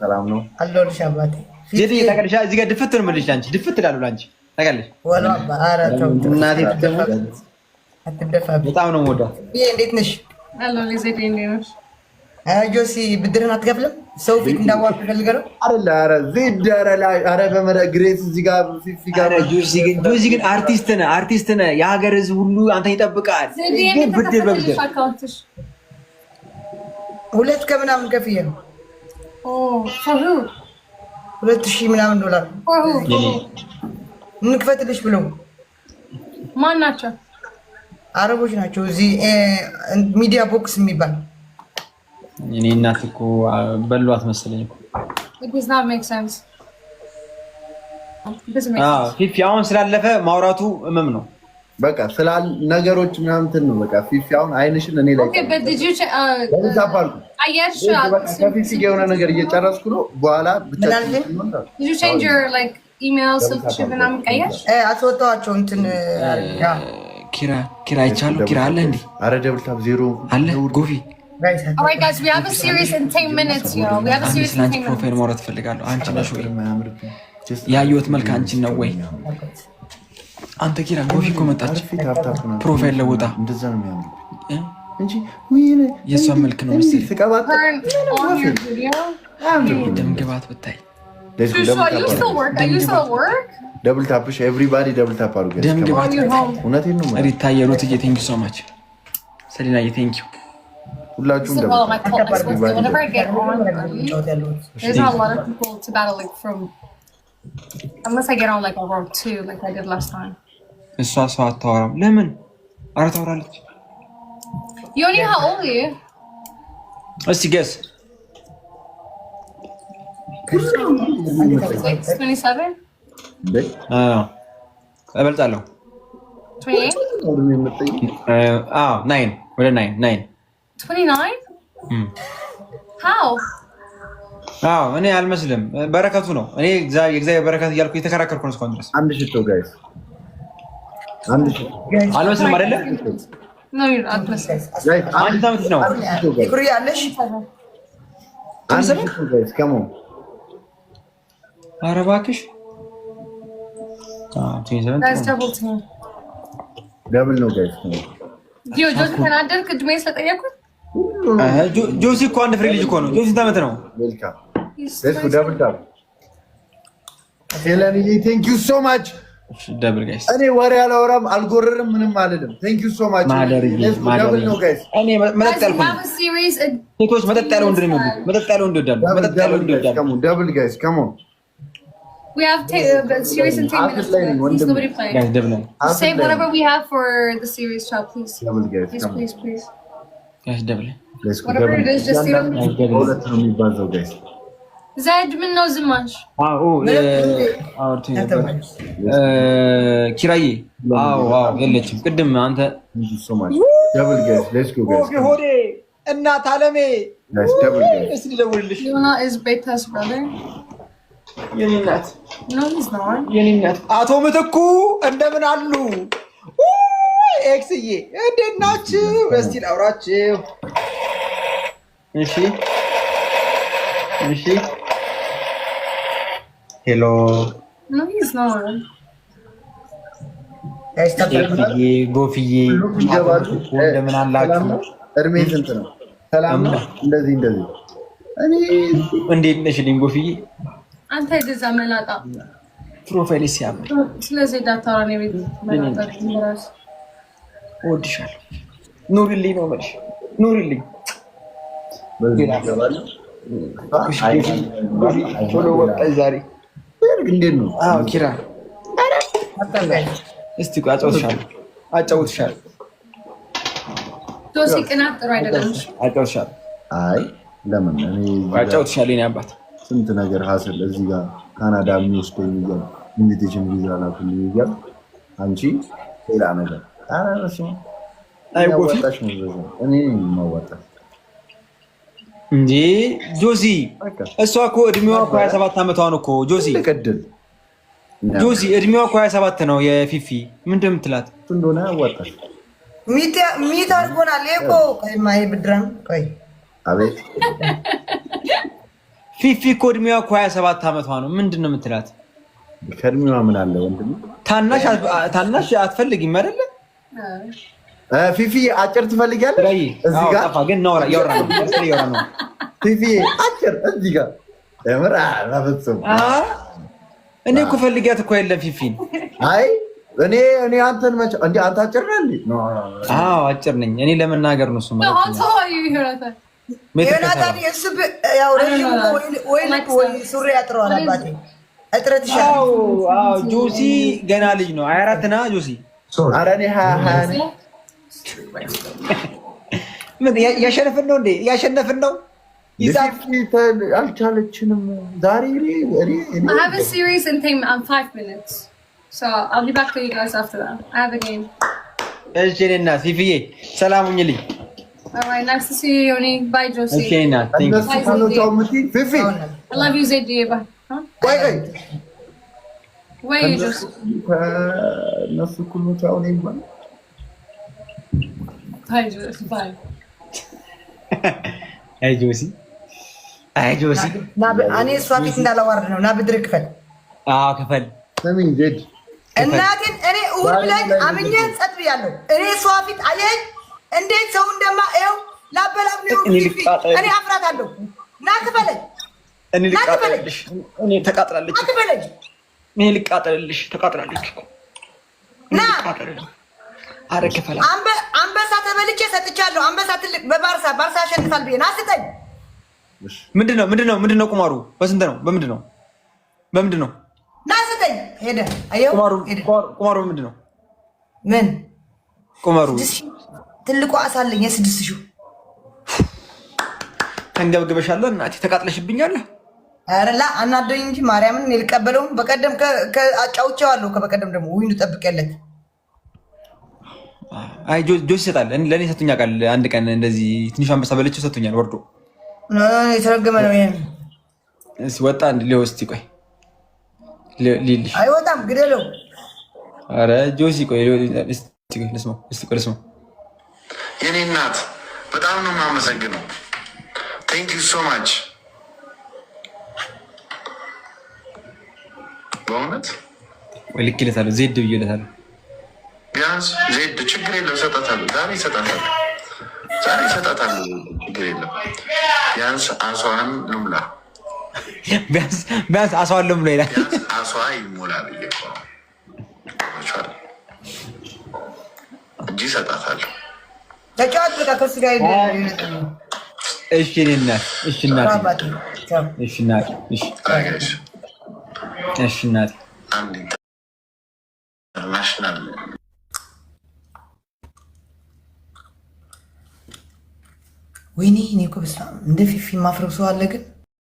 ሰላም ነው አለሁልሽ አባቴ። ጀትዬ ታውቂያለሽ፣ እዚህ ጋር ድፍት ነው የምልሽ። ለአንቺ ድፍት እላለሁ ለአንቺ ታውቂያለሽ። እናቴ በጣም ነው የምወዳት። እንዴት ነሽ? ጆሲ ብድርህን አትከፍልም? ሰው ፊት እንዳዋቅ ፈልገህ ነው? ጆሲ ግን አርቲስት ነህ፣ አርቲስት ነህ። የሀገር ህዝብ ሁሉ አንተን ይጠብቃል። ብድር በብድር ሁለት ከምናምን ከፍዬ ነው ሁለት ሺህ ምናምን ዶላር እንክፈትልሽ ብለው ማን ናቸው? አረቦች ናቸው። እዚህ ሚዲያ ቦክስ የሚባል እኔ እናት እኮ በሏት መሰለኝ። አሁን ስላለፈ ማውራቱ እምም ነው። በቃ ስለ ነገሮች ምናምን ነው። በቃ ፊፊ አሁን አይንሽን እኔ ላይ ከፊፊ የሆነ ነገር እየጨረስኩ ነው። በኋላ አስወጣኋቸው። እንትን ኪራ ኪራ አይቻለሁ። ኪራ አለ እንዴ? አረ ደብል ታብ ዜሮ አለ ጎፊ ነው ወይ አንተ ኪራ ጎፊ እኮ መጣች። ፕሮፋይል ለውጣ የሷ መልክ ነው መሰለኝ። ደም ግባት ብታይ ደብል ታፕሽ ኤቭሪባዲ ደብል ታፕ አድርገ ደም ግባት እውነቴን ነው። ሪታ የሩት እየ ቴንኪው ሶ ማች ሰሊና እየ ቴንኪው ሁላችሁም ደግሞ እሷ ሰው አታወራም። ለምን? አረ ታወራለች። እስቲ ገስ እበልጣለሁ። ወደ እኔ አልመስልም። በረከቱ ነው። እኔ የእግዚአብሔር በረከት እያልኩ የተከራከርኩ ነው እስካሁን ድረስ አልመስልም አይደለ? አንድ ዓመት ነው ኧረ እባክሽ ደብል ነው ጋይስ። ጆሲ እኮ አንድ ፍሬ ልጅ እኮ ነው። ጆሲ ተመት ነው። ቴንኪዩ ሶ ማች እኔ ወሬ አላወራም፣ አልጎረርም፣ ምንም አልልም። ቴንክ ዩ ሶ ማች ዘድ ምን ነው ዝም አዎ አውርተኝ ነበር ኪራዬ። አዎ አዎ የለችም። ቅድም አንተ ሆዴ እናት አለሜ አቶ ምትኩ እንደምን አሉ? ኤክስዬ እንዴት ናችሁ? እስቲ ላውራችሁ። እሺ እሺ ሄሎ፣ ጎፍዬ እንደምን አላችሁ? እድሜ ስንት ነው? ሰላም ነው። እንደዚህ እንደዚህ። እንዴት ነሽ? ልኝ ጎፍዬ፣ አንተ የገዛ መላጣ ፕሮፋይል ሲያምር ስለዚህ ዳታራ እወድሻለሁ። ኑሪልኝ ነው የምልሽ፣ ኑሪልኝ ዛሬ እንዴት ነው? አዎ ኪራ እስቲ አጫውትሻለሁ አይ ለምን አጫውትሻለሁ። የእኔ አባት ስንት ነገር እዚህ ጋር ካናዳ የሚወስደኝ እያል ኢንቪቴሽን ቪዛ ላኩልኝ እያል አንቺ ሌላ ነገር ኧረ እኔ የማዋጣሽ እንጂ ጆዚ እሷ እኮ እድሜዋ እኮ 27 ዓመቷ ነው እኮ ጆዚ ጆዚ እድሜዋ እኮ 27 ነው። የፊፊ ምን እንደምትላት እንደሆነ ያዋጣል። ሚት አድርጎናል እኮ ብድረም ቆይ አቤት ፊፊ እኮ እድሜዋ እኮ 27 ዓመቷ ነው። ምንድን ነው የምትላት? ከእድሜዋ ምን አለ ወንድም ታናሽ አትፈልጊም አይደለ? ፊፊ አጭር ትፈልጊያለሽ? እዚህ ጋር ፊፊ አጭር እዚህ ጋር ምራ በፍጹም እኔ እኮ ፈልጊያት እኮ የለም ፊፊን። አይ እኔ እኔ አንተን አንተ አጭር ነህ? አጭር ነኝ እኔ ለመናገር ነው። እሱ ገና ልጅ ነው። ሀያ አራት ና ጆሲ ኧረ እኔ ሀያ ሀያ ነኝ ምን ያሸነፍን ነው እንዴ? ያሸነፍን ነው። አልቻለችንም ዛሬ እኔና ሲፍዬ ሰላም ሁኝልኝ። እነሱ እኩል መቻውን ይባላል Josi, አይ ጆሲ፣ አይ ጆሲ፣ እኔ እሷ ፊት እንዳላዋርድ ነው። ና ብድር ክፈል። አዎ ክፈል። እናቴን እኔ እሑድ ብለኝ አምኜህን ጸጥ ብያለሁ። እኔ እሷ ፊት አየኸኝ እንዴት ሰው እንደማ ይኸው ላበላብ እኔ አፍራታለሁ። ና ክፈለኝ፣ ና ክፈለኝ። እኔ ተቃጥላለች፣ እኔ ልቃጠልልሽ፣ ተቃጥላለች። ና አረቄ ፈላ አንበሳ ተበልቼ ሰጥቻለሁ። አንበሳ ትልቅ በባርሳ ባርሳ ያሸንፋል ብዬ ናስጠኝ። ምንድነው ምንድነው ምንድነው? ቁማሩ በስንት ነው? በምንድን ነው? በምንድን ነው? ናስጠኝ። ሄደ ቁማሩ በምንድን ነው? ምን ቁማሩ? ትልቁ አሳለኝ የስድስት ሺህ ተንገብግበሻለ እናቴ ተቃጥለሽብኛለ። ረላ አናደኝ እንጂ ማርያምን የልቀበለውም በቀደም አጫውቼዋለሁ። ከበቀደም ደግሞ ውይኑ ጠብቅ ያለት አይ ጆሲ ይሰጣል። ለእኔ ሰጥቶኛል ቃል አንድ ቀን እንደዚህ ትንሽ አንበሳ በለችው ሰጥቶኛል። ወርዶ የተረገመ ነው። ይሄ ወጣ እንድ ሌው እስቲ ቆይ ሊልሽ አይወጣም። ግደለው። አረ ጆሲ ቆይ ልስማው፣ የኔ እናት በጣም ነው የማመሰግነው። ቴንክ ዩ ሶ ማች በእውነት ወይ ልክ ይለታለሁ ዜድ ብዬ ይለታለሁ ቢያንስ ዜድ ችግር የለም እሰጣታለሁ፣ ዛሬ እሰጣታለሁ፣ ዛሬ እሰጣታለሁ፣ ችግር የለም። ቢያንስ አሷን ልሙላ፣ ቢያንስ አሷን ልሙላ ይላል። አሷ ይሞላል እንጂ እሰጣታለሁ። ተጫዋት በቃ ከሱ እሺ፣ እናት እሺ፣ እናት እሺ፣ እናት እሺ፣ እናት አንድ ኢንተርናሽናል ወይኔ እኔ እኮ በስመ አብ እንደ ፊፊ ማፍረብ ሰው አለ ግን